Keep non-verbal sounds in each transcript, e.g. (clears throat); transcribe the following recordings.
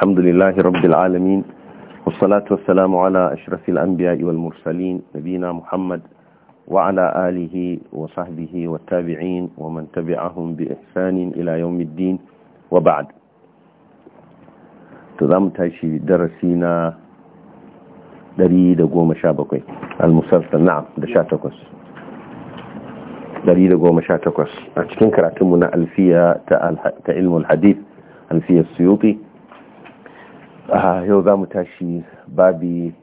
الحمد لله رب العالمين والصلاة والسلام على أشرف الأنبياء والمرسلين نبينا محمد وعلى آله وصحبه والتابعين ومن تبعهم بإحسان إلى يوم الدين وبعد هذه درسينا دريد قوم شابكي المسلسل نعم دشاتكوس دريد قوم شاتكوس أتكين كراتمنا ألفية تعلم الحديث ألفية السيوطي yau za mu tashi babi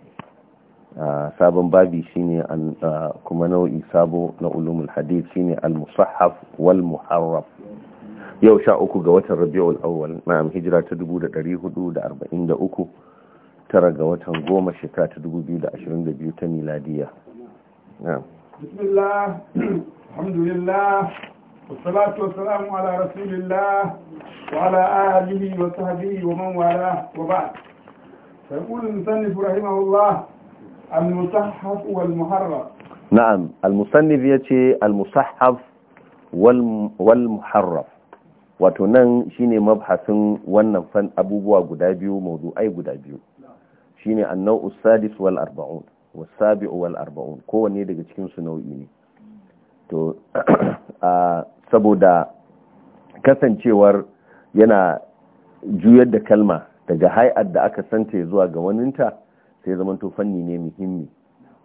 sabon babi shine kuma nau'i sabo na ulumul hadith shine al musahaf wal muharraf yau sha uku ga watan rabi'ul awwal na'am hijira ta 1443 tara ga watan goma shekara ta 2022 ta miladiya na'am bismillah (clears throat) alhamdulillah والصلاة والسلام على رسول الله وعلى آله وصحبه ومن والاه وبعد فيقول المصنف رحمه الله المصحف والمحرف نعم المصنف يتي المصحف والمحرف wato nan shine mabhasin wannan fan abubuwa guda biyu mawdu'ai guda biyu shine an-nau'us sadis wal arba'un was sabi'u wal arba'un kowanne daga cikin su nau'i ne to (clears throat) saboda kasancewar yana juyar da kalma daga hai'ar da aka santa zuwa ga waninta sai zamanto fanni ne muhimmi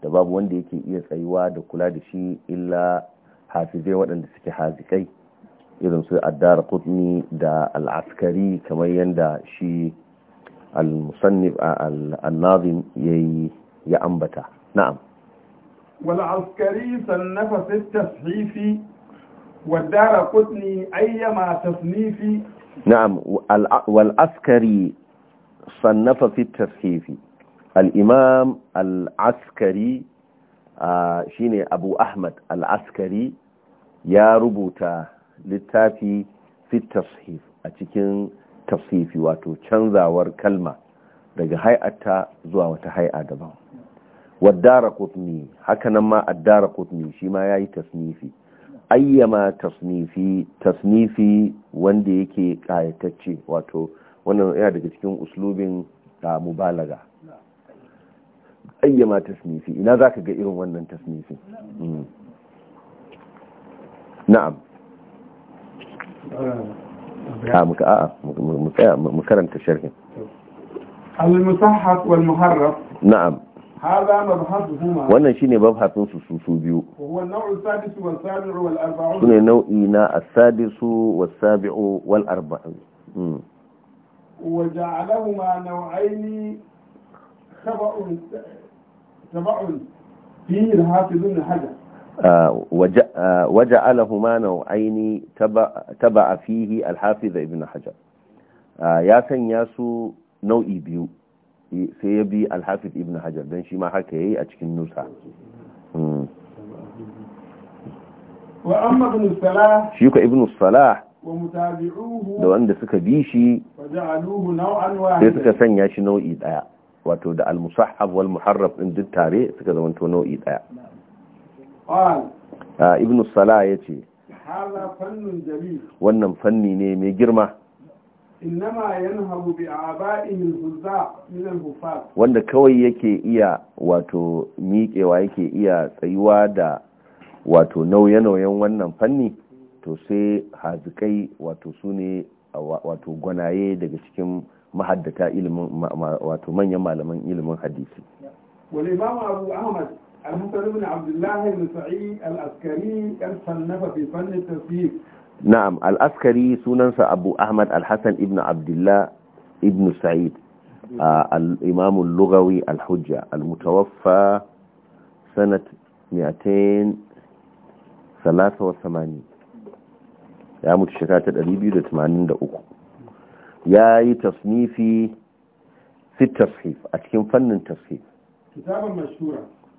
da babu wanda yake iya tsayuwa da kula da shi illa hafizai waɗanda suke hazikai irin su addara kudni da al'askari kamar yadda shi al-musannif al-nazim ya ambata na'am والعسكري صنف في التصحيف والدار قطني أيما تصنيف نعم والعسكري صنف في التصحيف الإمام العسكري آه شيني أبو أحمد العسكري يا ربوتا littafi fit tashif a cikin tasifi wato canzawar kalma daga hai'ata zuwa wata hai'a daban waddara kutni hakanan ma addara kutni shi ma ya yi tasnifi ayyama tasnifi tasnifi wanda yake kayatacce wato wannan yana daga cikin uslubin mubalaga ayyama tasnifi ina za ka ga irin wannan tasnifi na'am mu karanta sharhin al-musahhaf wal muharraf na'am wannan shine babhatun su su su biyu sune nau'i na asadisu wasabi'u wal arba'in waja'alahuma nau'aini saba'un hajar waja'alahuma nau'aini ya sanya su nau'i biyu sai ya bi alhafiz ibn hajar don shi ma haka ya yi a cikin nusa hmm. shi ka ibn sala da wanda suka bi shi sai suka sanya shi nau'i daya wato da al wal muharraf din duk tare suka zama to nau'i daya ah, ibn ya ce wannan fanni ne mai girma wanda kawai yake iya wato miƙewa yake iya tsayuwa da wato nauye-nauyen wannan fanni to sai hazikai wato su ne wato gwanaye daga cikin mahaddata ilimin wato manyan malaman ilimin hadisi والإمام أبو أحمد الحسن بن عبد الله بن سعيد الأسكري كان صنف في فن التصديق na'am al-askari sunansa abu ahmad al-hassan ibn abdullah ibn sa'id uh, al-imam al-lughawi al-hujja al-mutawaffa sanat 283 ya mutu shekara 283 ya yi tasnifi fi tashif a cikin fannin tashif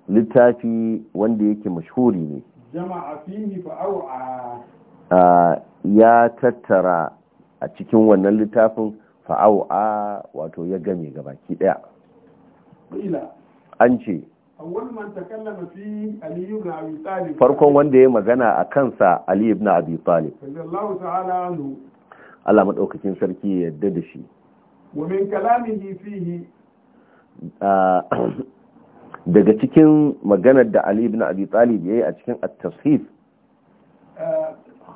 littafi wanda yake mashhuri ne jama'a fi ni fa'a'a ya tattara a cikin wannan littafin fa'au a wato ya game gabaki daya an ce farkon wanda ya magana a kansa Ali ibn Abi Talib Allah maɗaukakin sarki ya yarda da shi daga cikin maganar da Ali ibn Abi Talib ya yi a cikin at-tashif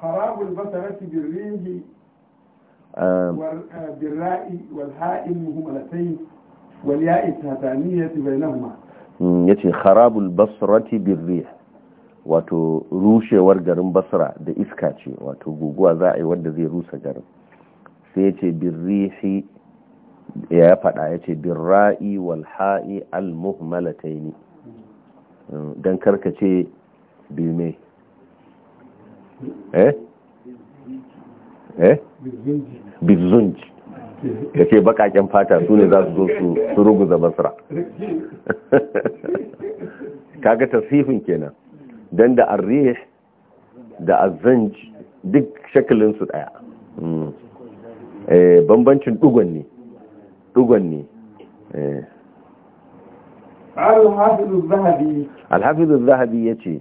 خراب البصرة بالريه بالراء والهاء مهملتين والياء التهتانية بينهما yace خراب البصرة birrih wato rushewar garin basra da iska ce wato guguwa za a yi wanda zai rusa garin sai yace birrihi ya faɗa yace birra'i wal ha'i al muhmalataini dan karkace bime eh eh bizunji ya ce bakaken fata su ne za su zo su ruguza basra (laughs) kaga tasifin kenan don da arrih da azanj duk shakalinsu daya hmm. eh, bambancin dugon ne dugon ne eh. alhafizu zahabi ya ce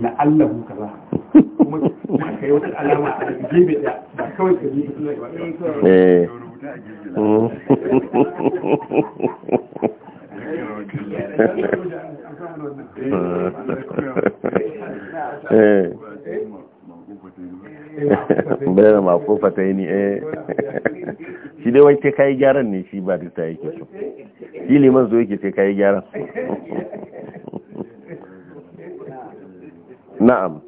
la'allahu kaza kuma kuma kai wata alama a gefe da ba kawai ka je ba eh bayan eh. Eh. eh shi dai wai ce kayi gyaran ne shi ba da ta yake so shi liman zo yake ce kayi gyaran (laughs) na'am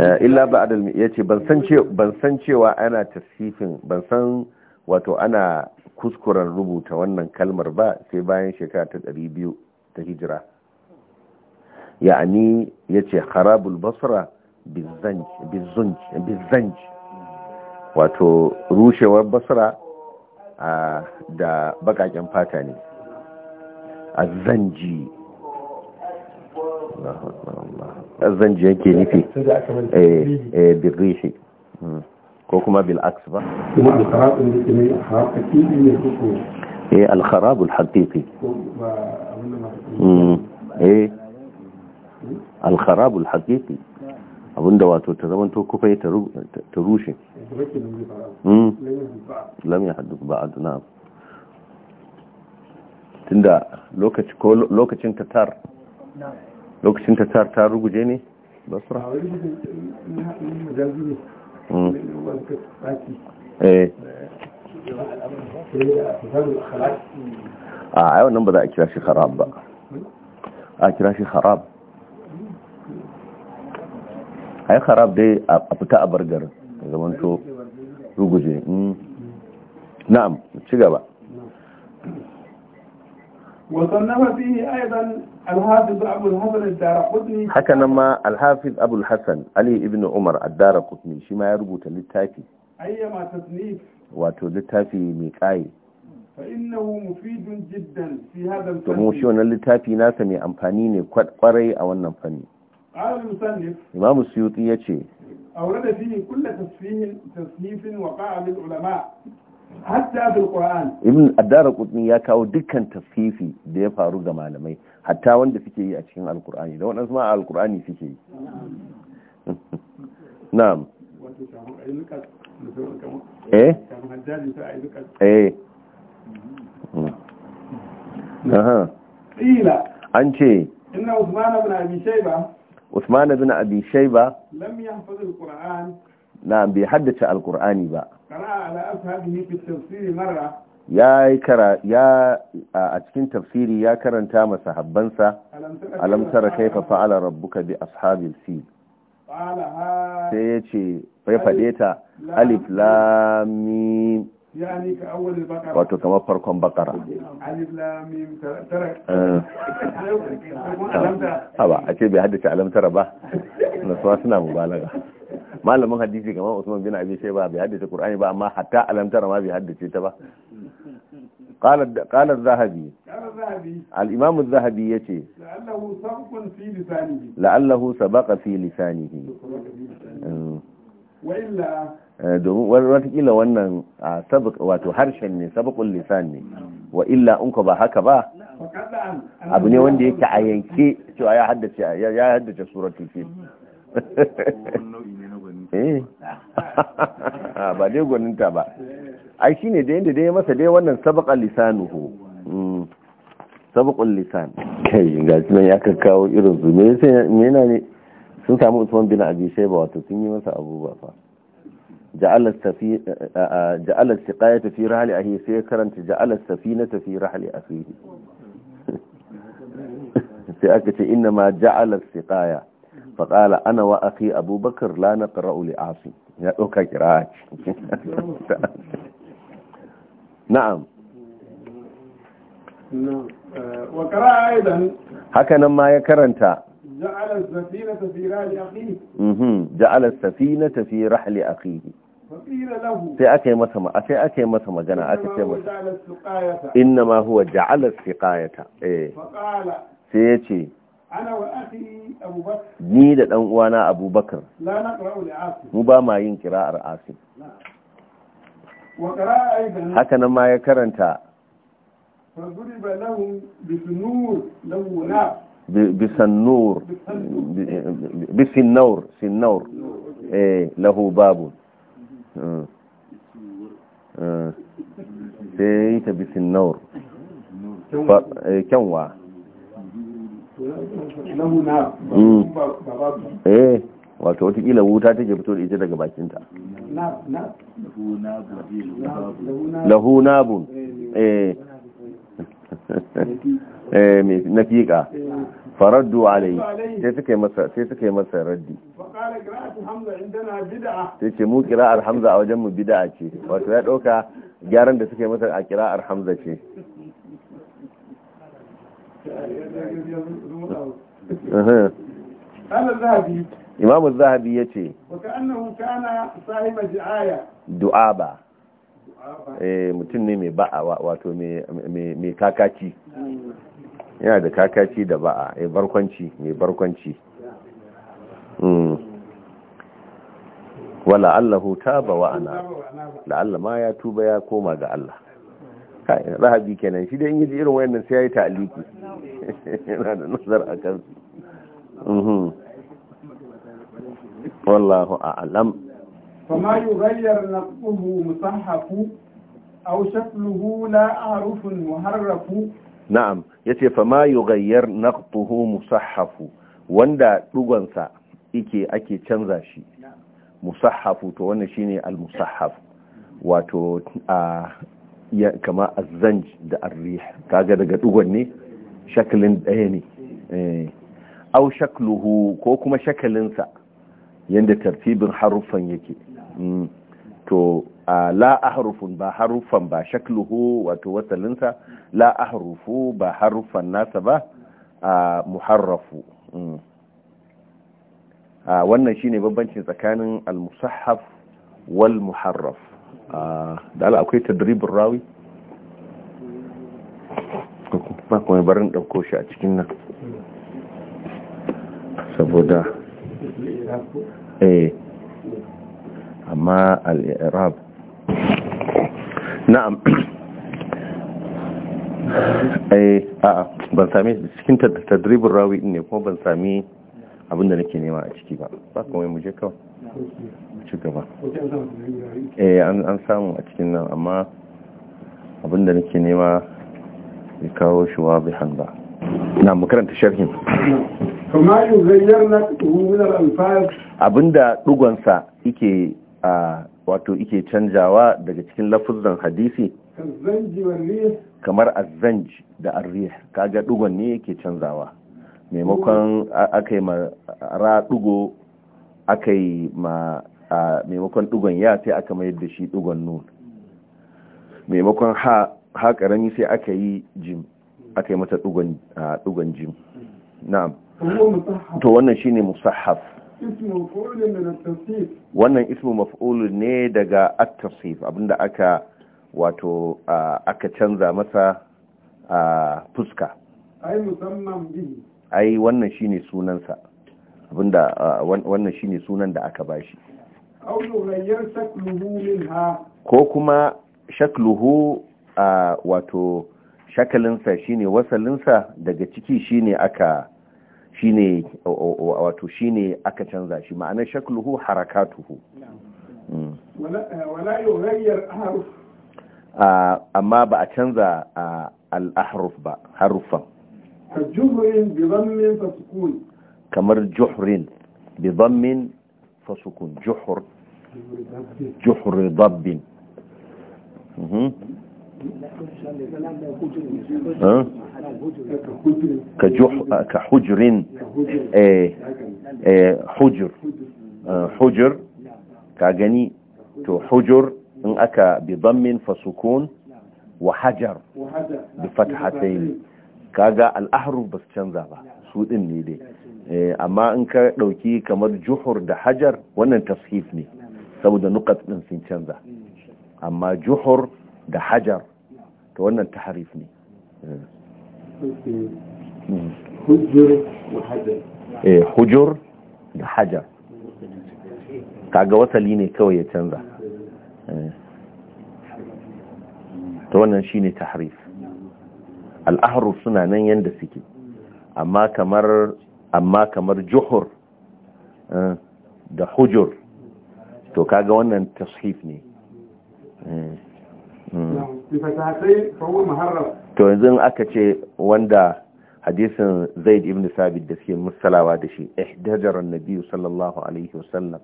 eh, illa ba adal ya cewa ana tasifin ban wato ana kuskuren rubuta wannan kalmar ba sai bayan shekara ta biyu ta hijira ya'ani yace harabul basra bizanj wato rushewar basra ah, da bakaken fata ne Azanji azzanji yake nufi eh birrihi ko kuma bil aks ba kuma al-kharab ke ne ne ko eh al-kharab al eh al-kharab al-haqiqi abinda wato ta zaman to kufai ta rushe lam ya hadduk ba'd na'am tunda lokacin tatar lokacin tatar ta ruguje ne basra a yau mm. eh. nan ba za a kira shi harab ba a kira shi harab a yi harab dai a fita a bargar zamanto ruguje mm. na'am ci gaba وصنف فيه أيضا الحافظ أبو الحسن الدار قطني حكنا ما الحافظ أبو الحسن علي بن عمر الدار قطني شما يربط للتافي أيما تصنيف واتو للتافي ميكاي فإنه مفيد جدا في هذا الفن تموشون للتافي ناسا مي أمفانيني قري أو أنفاني قال المصنف إمام السيوطي يتشي أورد فيه كل تصنيف وقع للعلماء hatta fil qur'an ibn addara qutni ya kawo dukkan tafifi da ya faru ga malamai hatta wanda suke yi a cikin alqur'ani da waɗansu ma alqur'ani suke yi (laughs) na'am eh eh mm. Mm. aha ila an ce inna usman ibn abi shayba usman ibn abi shayba lam yahfaz alqur'an na bai haddace alkur'ani ba ya a cikin tafsiri ya karanta masa habbansa alamtara kaifa fa'ala rabbuka bi ashabil fil sai ya ce ya faɗe ta alif lamim wato kamar farkon bakara haba a ce bai haddace alamtara ba na suna mubalaga malamin hadisi kamar Usman bin Abi Shayba bai haddace Qur'ani ba amma hatta alamtar ma bai haddace ta ba قال قال الذهبي zahabi الذهبي يتي لعله سبق في لسانه لعله سبق في لسانه وإلا watakila wannan wato harshen ne sabakun lisan ne mm. wa illa in ba haka ba abu ne wanda yake a yanke cewa ya haddace ya haddace suratul fil mm-hmm. (laughs) eh (laughs) ah, ba dai gwaninta ba ai shine da yadda dai masa dai wannan sabaqal lisanuhu mm. sabakun lisan kai ga shi ya kawo irin su me yasa me yana ne sun samu Usman bin Abi Shayba wato sun yi masa abubuwa fa ja'ala safi ja'ala siqayata fi rahli ahi sai karanta ja'ala safinata fi rahli akhihi (laughs) sai aka ce inna ma ja'ala siqaya faƙala ana wa aki abubakar Lana na ƙara'u li'afi ya ɗauka ƙira'a na'am wa ƙara'a aidan haka nan ma ya karanta ja'ala safinata fi rahli akhihi ja'ala safinata fi rahli akhihi sai aka yi masa sai aka yi masa magana aka ce masa inna ma huwa ja'ala siqayata eh sai ya ce ni da dan uwana abubakar mu ba ma yin kira'ar asim haka nan ma ya karanta bisannur bisinnaur sinnaur eh lahu babu mhm. eh. Eh. sai ta bisin bisinnaur eh, kyanwa Mm. eh wato watakila wuta take fito da ita daga bakinta lahu nabun eh, eh na eh, fiƙa eh. faraddu alai sai suka yi masa raddi sai ce mu kira hamza a wajen mu bid'a ce wato ya dauka gyaran da suka yi masa a kira'ar hamza ce imamu zahabi ya ce du'aba eh, mutum ne mai ba'a wato mai kakaci yana da kakaci da ba'a ya barkwanci mai barkwanci hmm. wala allahu taba wa'ana, ana la'alla ma ya tuba ya koma ga Allah rahabi kenan shi dai in yaji irin wayannan sai ya yi ta'aliki yana da nazar a kansu mhm. wallahu a'lam fama yughayyar naqbuhu musahhafu aw shakluhu la a'rufu muharrafu na'am yace fama yughayyar naqtuhu musahhafu wanda dugonsa ike ake canza shi musahhafu to wannan shine al-musahhaf wato a ya kama azzanj da arrih kaga daga dugon ne shakalin daya ne eh. au shakluhu ko kuma shakalinsa yadda tartibin harufan yake hmm. to la ahrufun ba haruffan ba shakluhu wato wasalinsa la ahrufu ba harufan nasa ba muharrafu hmm. wannan shine babbancin tsakanin al-musahhaf wal muharraf da ala akwai tadribin rawi ba kuma barin ɗauko shi a cikin nan saboda eh amma al'irab na'am eh a ban sami cikin tadribin rawi ne kuma ban sami abinda nake nema a ciki ba ba kuma mu je kawai ci gaba eh an samu a cikin nan amma abinda nake nema ya kawo shi wa bi hanba na makaranta sharhin kuma yi zayyar na tuhunar alfahar abinda dugonsa ike a wato ike canjawa daga cikin lafuzan hadisi kamar azanji da Ka kaga dugon ne yake canzawa maimakon aka yi ma ra dugo aka yi ma a maimakon dugon ya sai aka mayar da shi dugon nun maimakon ha ha karami sai aka yi jim aka yi mata dugon jim na'am to wannan shine musahaf wannan ismu maf'ul ne daga at-tasif abinda aka wato aka canza masa fuska ai wannan shine sunansa abinda wannan shine sunan da aka bashi aw shakluhu minha ko kuma shakluhu a wato shakalinsa shine wasalinsa daga ciki shine aka shine wato shine aka canza shi ma'anar shakluhu harakatuhu mm. wala eh, yughayyar harf amma ba a canza al-ahruf ba harufan kamar juhrin bi dhammin فسكون جحر جحر ضب كحجر حجر حجر كاغني تو حجر ان اكا بضم فسكون وحجر بفتحتين كاغا الاحرف بس تنزا canza ba su din ne Eh, amma in ka ɗauki kamar juhur da hajar wannan tashif ne saboda nukat ɗin sun canza amma juhur da hajar to wannan taharif ne hujur eh, da hajar kaga wasali ne kawai ya canza eh. ta wannan shi ne taharif al'aharuf suna nan yadda suke amma kamar amma kamar juhur eh, da hujur to kaga wannan tashif ne eh, mm. to yanzu aka ce wanda hadisin zaid ibn sabit da suke musalawa da shi ihdajaran nabi sallallahu alaihi wasallam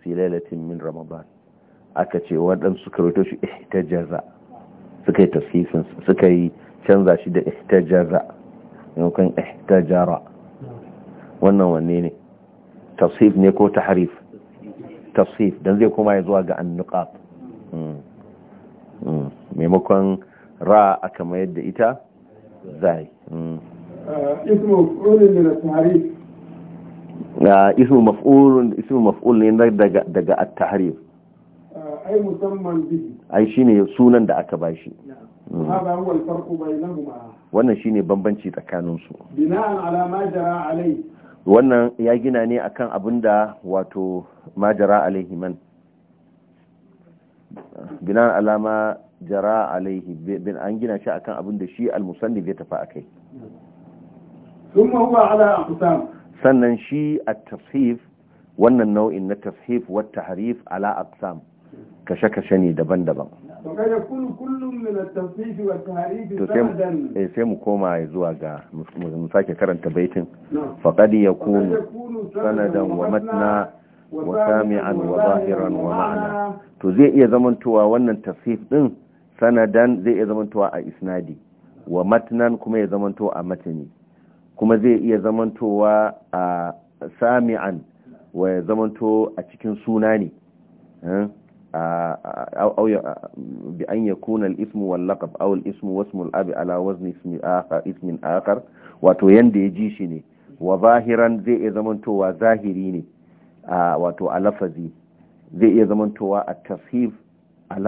fi lailatin min ramadan aka ce waɗansu suka rito shi ihtajaza suka yi tasifin suka yi canza shi da ihtajaza yankan ihtajara wannan wanne ne tafsif ne ko taharif tafsif don zai kuma ya zuwa ga annuqat mm. Mm. maimakon ra aka mayar da ita zai mm. uh, ismu maf'ul ismu maf'ul ne daga daga at-tahrif uh, ai musamman bihi ai shine sunan da aka bashi hada huwa al-farqu bainahuma wannan shine bambanci tsakanin su bina'an ala ma jara alai wannan ya gina ne akan abin da wato majara alaihi man binan alama jara alaihi bin an gina shi akan abin da shi al zai ya tafi kai. Sun ala sannan shi a tafif wannan nau'in na tafif wata harif ala aqsam kashe-kashe ne daban-daban Eh, sai mu koma zuwa ga mu sake karanta baitin faqad yakunu sanadan wa matna wa sami'an wa zahiran wa ma'ana to zai iya zamantowa wannan tafsir din sanadan zai iya zamantowa a isnadi wa matnan kuma ya zamanto a matani kuma zai iya zamantowa a sami'an wa ya zamanto a cikin suna ne eh? أو بأن يكون الاسم واللقب أو الاسم واسم الأب على وزن اسم آخر اسم wato yanda ya ji shi ne wa zahiran zai iya zamantowa zahiri ne wato a lafazi zai iya zamantowa a tashif a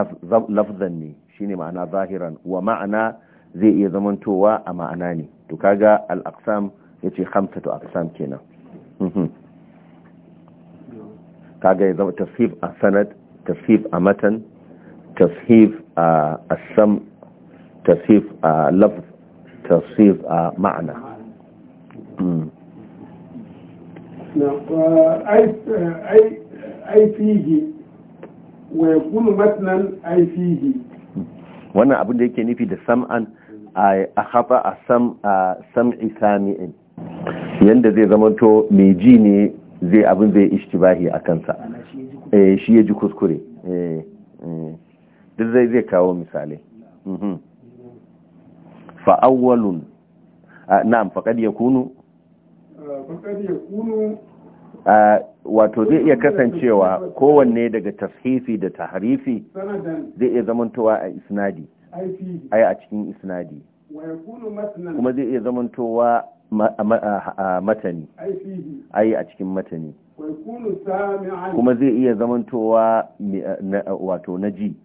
lafzan ne shine ma'ana zahiran wa ma'ana zai iya zamantowa a ma'ana ne to kaga al-aqsam yace khamsatu aqsam kenan kaga ya zama tashif a sanad tashif a matan tashif a sam tashif a laf tashif a ma'ana wannan abin da yake nufi da sam'an a hafa a sam'i sami'in yadda zai to mai ji ne zai abin zai ishtibahi a kansa eh shi ya ji kuskure eh, eh duk zai zai kawo misalai mhm. fa'awwalun ah, na'am faqad yakunu kunu ah, yakunu wato zai iya kasancewa kowanne daga tashifi da tahrifi zai iya zamantowa a isnadi ai a cikin isnadi kuma zai iya zamantowa matani ai a cikin matani kuma zai iya zamantowa wato na ji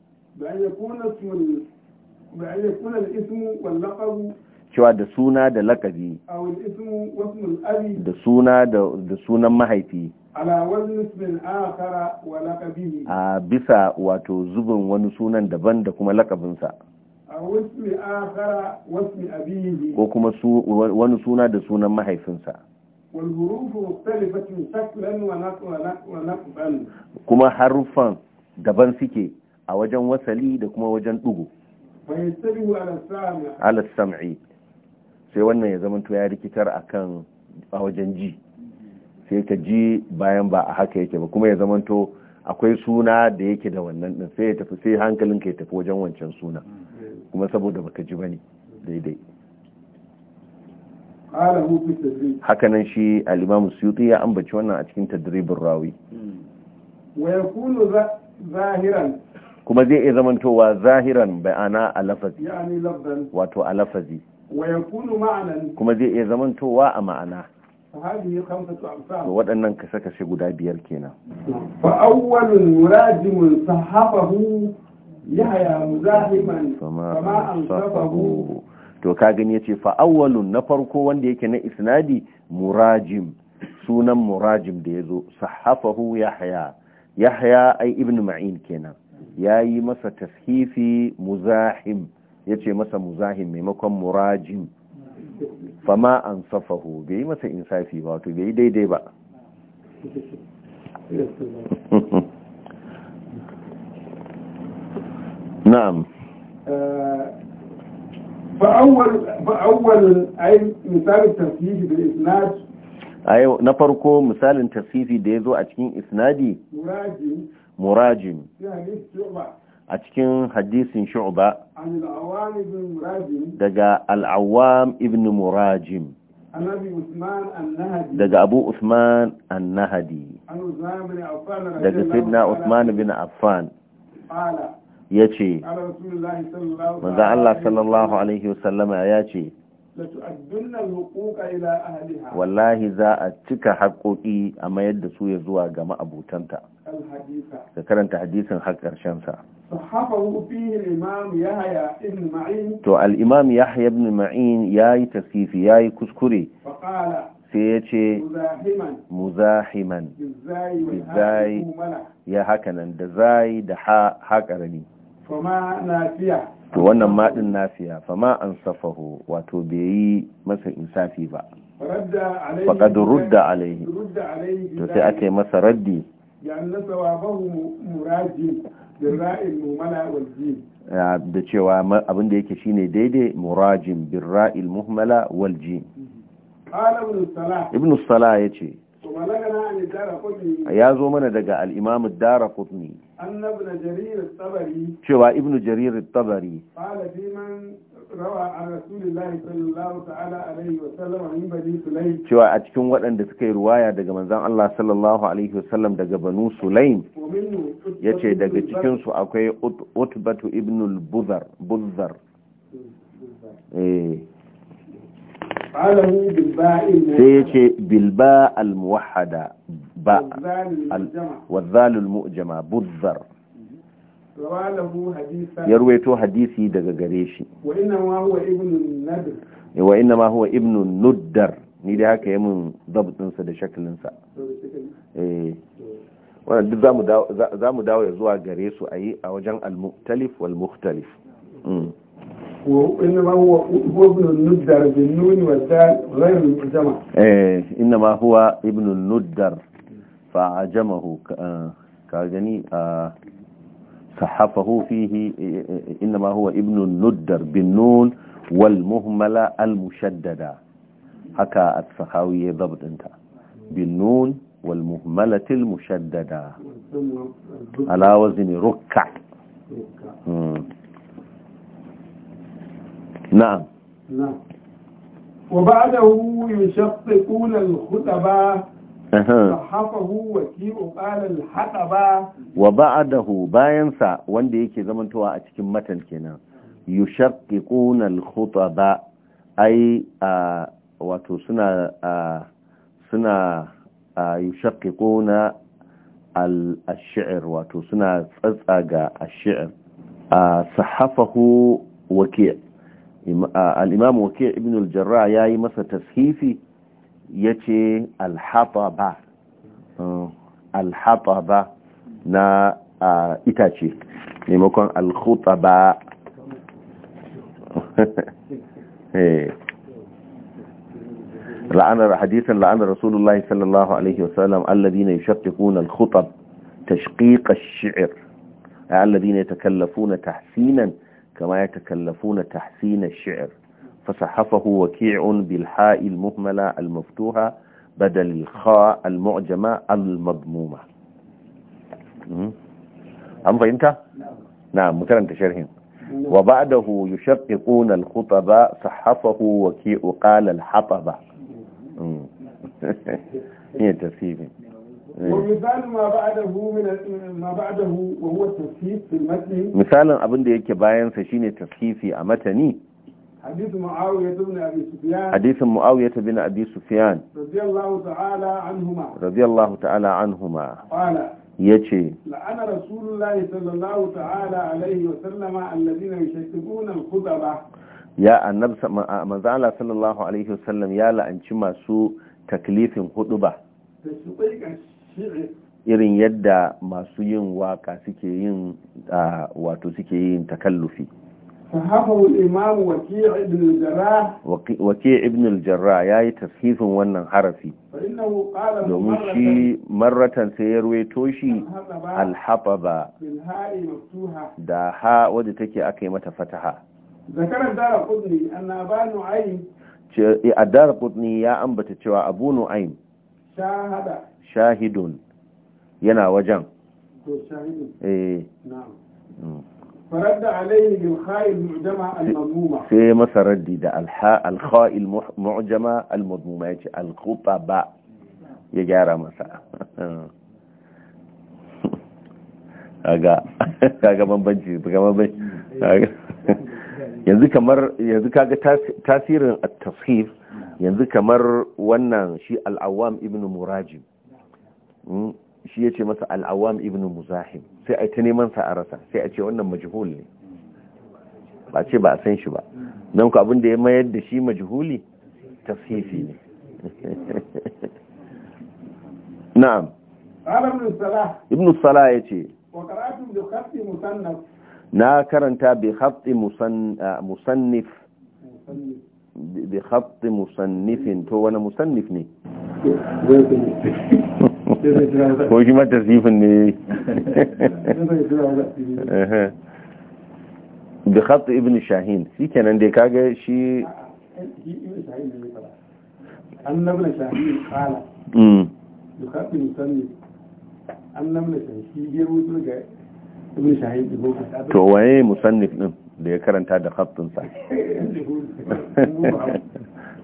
cewa da suna da lakabi da suna da sunan mahaifi a bisa wato zubin wani sunan daban da kuma lakabinsa ko kuma wani suna da sunan mahaifinsa kuma haruffan daban suke a wajen wasali da kuma wajen dugu. sam'i sai wannan ya zamanto ya rikitar akan a wajen ji sai ka ji bayan ba a haka yake ba kuma ya zamanto akwai suna da yake da wannan din sai ya tafi sai hankalinka ya tafi wajen wancan suna kuma saboda baka ji bane daidai hakanan shi al-imam suyuti ya ambaci wannan a cikin tadribin rawi kuma zai iya zamantowa zahiran bayana a lafazi wato a lafazi kuma zai iya zamantowa a ma'ana waɗannan kasa kasa guda biyar kenan fa'awwalin murajimin sahabahu muzahiman kama to ka gani yace fa awwalun na farko wanda yake na isnadi murajim sunan murajim da yazo sahafahu yahya yahya ay ibn ma'in kenan yayi masa tashifi muzahim yace masa muzahim maimakon murajim fama an safahu bai masa insafi ba to bai daidai ba (laughs) نعم فأول فأول أي مثال التفسير بالإسناد أي نفرقو مثال التفسير ديزو أتكين إسنادي مراجم مراجم أتكين حديث شعبة عن العوام ابن مراجم دقاء العوام ابن مراجم عن أبي عثمان النهدي دقا أبو عثمان النهدي عن عثمان بن عفان دقا سيدنا عثمان بن عفان قال ya ce manzan Allah sallallahu alaihi wasallama ya ce wallahi za a cika haƙoƙi a mayar da su ya zuwa ga ma'abutanta ka karanta hadisin har ƙarshensa to al'imam yahya ibn ma'in ya yi tasifi ya yi kuskure sai ya ce muzahiman ya ya nan da zai da ha fama nafiya to wannan maɗin nafiya fama an safahu wato bai yi masa insafi ba faƙad rudda alaihi to sai aka yi masa raddi da cewa abin da yake shine daidai murajin birra'il muhmala wal jim ibn salah ya ce ya zo mana daga al'imamu dara kutni cewa ibnu jarir tabari cewa a cikin waɗanda suka yi ruwaya daga manzan Allah sallallahu alaihi wasallam daga banu sulaim ya ce daga cikinsu akwai utbatu ibnul buzar eh. sai ya ce bilba al-muwahada باء والذال المؤجمة بذر يرويته حديثي دغ غريشي وإنما هو ابن الندر وإنما هو ابن الندر ني دي هكا يمن ضبطن سا ده شكلن سا duk za mu dawo ya zuwa gare su a اي a wajen al-muktalif wal وإنما هو ابن الندر بالنون والدال غير المجمع إيه إنما هو ابن الندر فعجمه آه، كاغني آه، صحفه فيه إنما هو ابن الندر بالنون والمهملة المشددة هكا السخاوي ضبط انت بالنون والمهملة المشددة على وزن ركع نعم نعم وبعده يشققون الخطبة sahafahu waki'u qala al ba. wa ba'adahu bayan sa wanda yake zamantowa a cikin matan kenan yushaqqiquna al-khutaba ai wato suna suna yushaqiquna al ashir wato suna tsatsaga al sahafahu waki' al-imam waki' ibn al-jarrah yayi masa tashifi ya ce alhataba alhataba na itace maimakon alhutaba la'anar hadisan la'anar rasulullah sallallahu alaihi wasallam alladhina yushattiquna al-khutab tashqiq ash-shi'r alladhina yatakallafuna tahsinan kama yatakallafuna tahsina ash-shi'r فصحفه وكيع بالحاء المهملة المفتوحة بدل الخاء المعجمة المضمومة أم فهمت؟ نعم مكرم تشرحين وبعده يشققون الخطباء صحفه وكيء قال الحطب (laughs) هي تفسير ومثال ما بعده من ما بعده وهو التسخيف في المتن مثالا ابن da باين bayan sa في tashifi حديث معاوية بن أبي سفيان حديث معاوية بن أبي سفيان رضي الله تعالى عنهما رضي الله تعالى عنهما قال يجي لأن رسول الله صلى الله تعالى عليه وسلم الذين يشتكون الخطبة يا النبي من زعل صلى الله عليه وسلم يا لأنشي ما سوء تكليف خطبة irin yadda masu yin waka suke yin wato suke yin takallufi صححه IbnulJarra وكيع بن الجراح wannan harafi فإنه قال domin shi marratan sai ya ruwaito shi al-hababa da ha wadda take aka yi mata fataha ذكر الدار قطني أن أبا نعيم cewa Abu Nu'aym shahada shahidun yana wajen to shahidun eh na'am mm. sai masa raddi da alkha'il mu'jama al-madmuma yace al-khutaba ya gyara masa aga kaga bambanci kaga bambanci yanzu kamar yanzu kaga tasirin at-tashif yanzu kamar wannan shi al-awwam ibn murajim shi ya ce masa al'awam ibn muzahim sai a ta neman sa a rasa sai a ce wannan majihul ne ba ce ba a san shi ba don ku abin ya mayar da shi majihuli sifi ne (laughs) na'am ibn salah ya ce na karanta bi haɗi musannif bi haɗi musannifin to wani musannif ne ko shi ma tasifin ne da khattu ibn shahin shi kenan da ya ga hmm. to waye musannif din da ya karanta da sa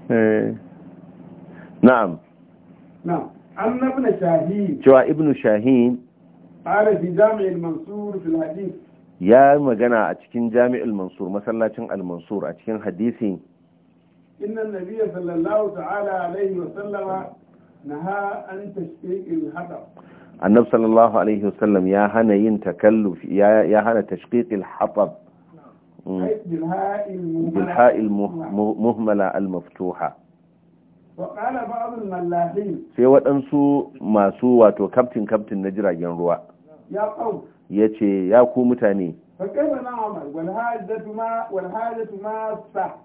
(laughs) (laughs) eh. na'am na'am أن ابن شاهين شوى ابن شاهين قال في جامع المنصور في الحديث يا مجنى أتكين جامع المنصور مثلا المنصور أتكين حديثي إن النبي صلى الله تعالى عليه وسلم نهى أن تشقيق الحطب النبي صلى الله عليه وسلم يا هنا ينتكلف يا يا هنا تشقيق الحطب بالهاء المهملة المفتوحة sai waɗansu masu wato kaftin kaftin na jiragen ruwa ya ce ya ku mutane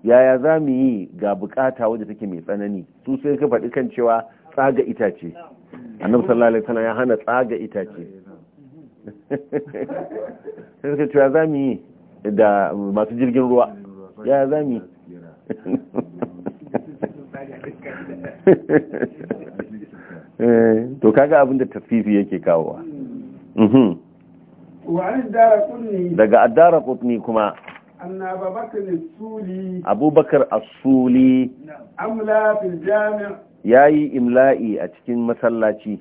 yaya za mu yi ga bukata wadda take mai tsanani su sai ka faɗi kan cewa tsaga itace annabi sallallahu alaihi wasallam ya hana tsaga itace sai suka cewa za mu yi da masu jirgin ruwa yaya za mu yi (laughs) Eh, to kaga abin da tafifi yake kawowa mhm. daga addara kutni kuma abubakar asuli ya yi imla'i a cikin masallaci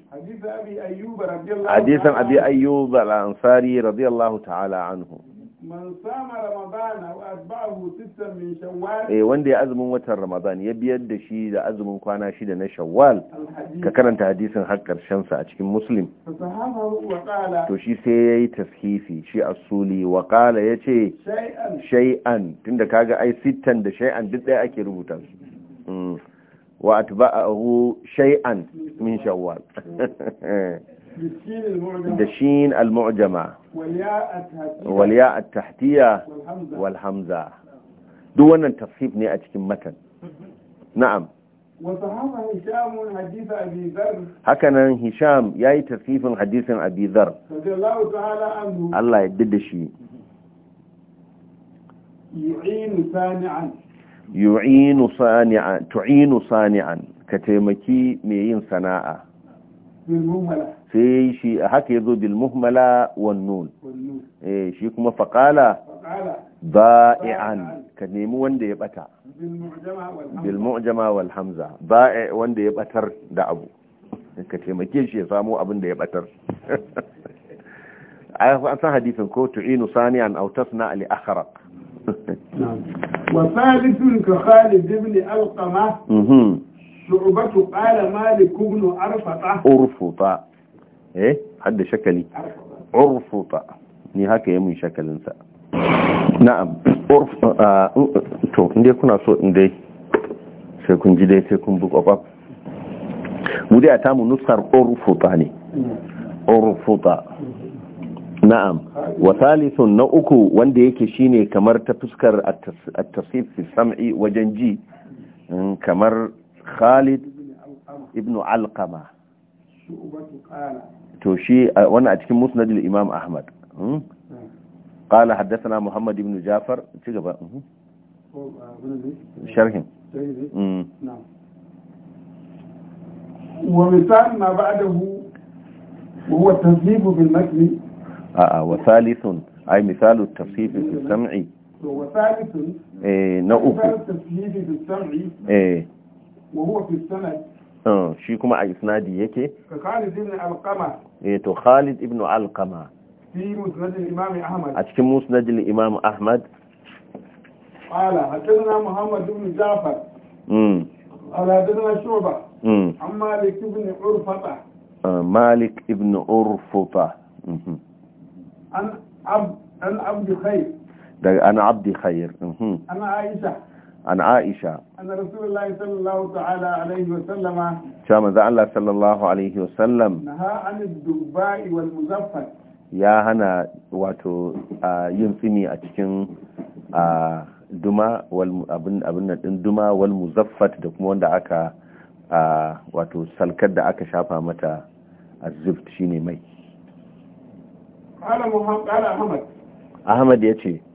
hadisan abi ayyub al-ansari radiyallahu ta'ala anhu Eh wanda ya azumin watan Ramadan ya biyar da shi da azumin kwana shida na Shawwal ka karanta hadisin har sa a cikin Muslim. To shi sai ya yi tashifi shi asuli wa ya yace shay'an tunda kaga ai sittan da shay'an duk ɗaya ake rubuta su. Wa atba'ahu shay'an min Shawwal. da shin al-mu'jama wal at-tahtiya wal hamza duk wannan ne a cikin matan na'am hakanan hisham ya yi tafifin hadisin abizar Allah ya da shi yu'inu sani'an tu'inu sani'an ka taimaki mai yin sana'a sai shi haka ya zo muhmala wannan shi kuma faqala ba'i'an ka nemi wanda ya bata bil mu'jama wal hamza ba'i wanda ya batar da abu ka taimake shi ya samu abin da ya batar an san hadisin ko tu'inu sani an aw tasna li akhraq wa thalithun ka khalid ibn alqama شعبة قال مالك بن أرفطة أرفطة إيه حد شكلي أرفطة نهاك يمي شكل انسى na'am uh, uh, to inda kuna so inda sai kun ji dai sai kun book up mu dai ta mu nusar urfuta ne urfuta na'am wa thalithun na uku wanda yake shine kamar ta fuskar at-tasif sam'i wajen ji mm, kamar Khalid ibn Alkama. To shi wani a cikin musnadil Imam Ahmad. Kala hmm? hmm. haddasa Muhammad ibn Jafar ci gaba. Hmm. Oh, uh, Sharhin. ومثال ما بعده هو التصنيف بالمتن اه وثالث اي مثال التصنيف بالسمع وثالث ايه نؤوك التصنيف بالسمع وهو في السند shi kuma a isnadi yake eh to Khalid ibn Alqama a cikin musnad al Ahmad qala hadathana Muhammad ibn Ja'far mm ala hadathana Shu'ba Malik ibn Urfata Malik ibn Urfata an ab an Abd an Abd Khair ana Aisha عن عائشة أن رسول الله صلى الله تعالى عليه وسلم شام ذا الله صلى الله عليه وسلم نهى عن الدباء والمزفر يا هنا واتو ينفني أتكن duma abin din duma wal muzaffat da واتو wanda aka wato متى الزفت شيني مي mata محمد shine أحمد أحمد ya ce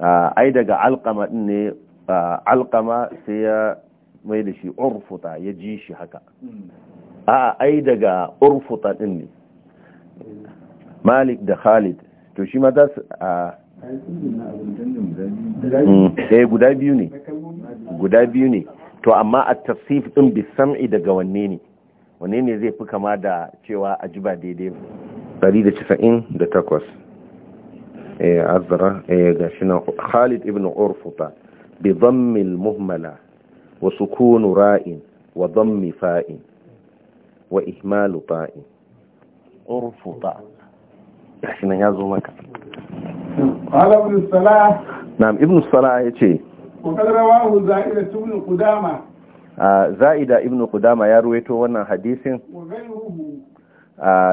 ai daga alkama din ne alkama sai ya mai da shi urfuta ya ji shi haka a ai daga urfuta din ne malik da khalid to shi ma za su a ɗaya guda biyu ne guda biyu ne to amma a tafsif ɗin bisam'i daga wanne ne wanne ne zai fi kama da cewa a ji ba daidai 198 Eh, azra eh, ga shi nan khalid ibn urfuta bi dhammil muhmala wa sukunu ra'in wa dhammi fa'in wa ihmalu ta'in urfuta ga shi nan ya zo maka qala ibn salah na'am ibn salah yace wa qad rawahu za'ida ibn qudama za'ida ibn qudama ya ruwaito wannan hadisin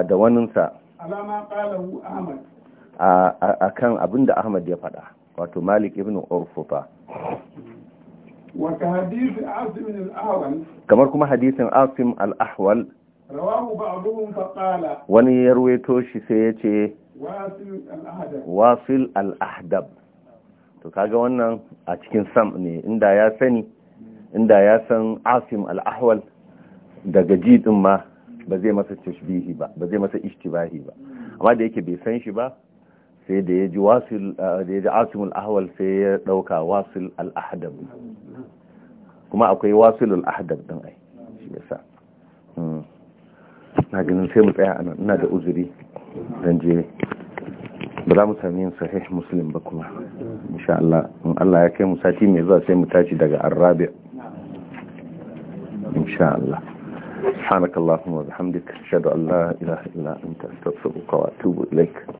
da waninsa alama qalahu ahmad a kan abin da ahmad ya faɗa wato malik ibn urfufa kamar kuma hadisin asim al-ahwal wani ya shi sai ya ce wasil al-ahdab to kaga wannan a cikin sam ne inda ya sani inda ya san asim al-ahwal daga ji ma ba zai masa tashbihi ba ba zai masa ishtibahi ba amma da yake bai san shi ba sai da ya ji wasil da asimul ahwal sai ya dauka wasil al-ahdab kuma akwai wasil al-ahdab din ai shi yasa hmm. na ganin sai mu tsaya anan ina da uzuri dan je ba za mu sami yin sahih muslim ba kuma insha Allah in Allah ya kai mu sati mai zuwa sai mu tashi daga arabi insha Allah سبحانك اللهم وبحمدك اشهد ان لا اله الا انت استغفرك واتوب اليك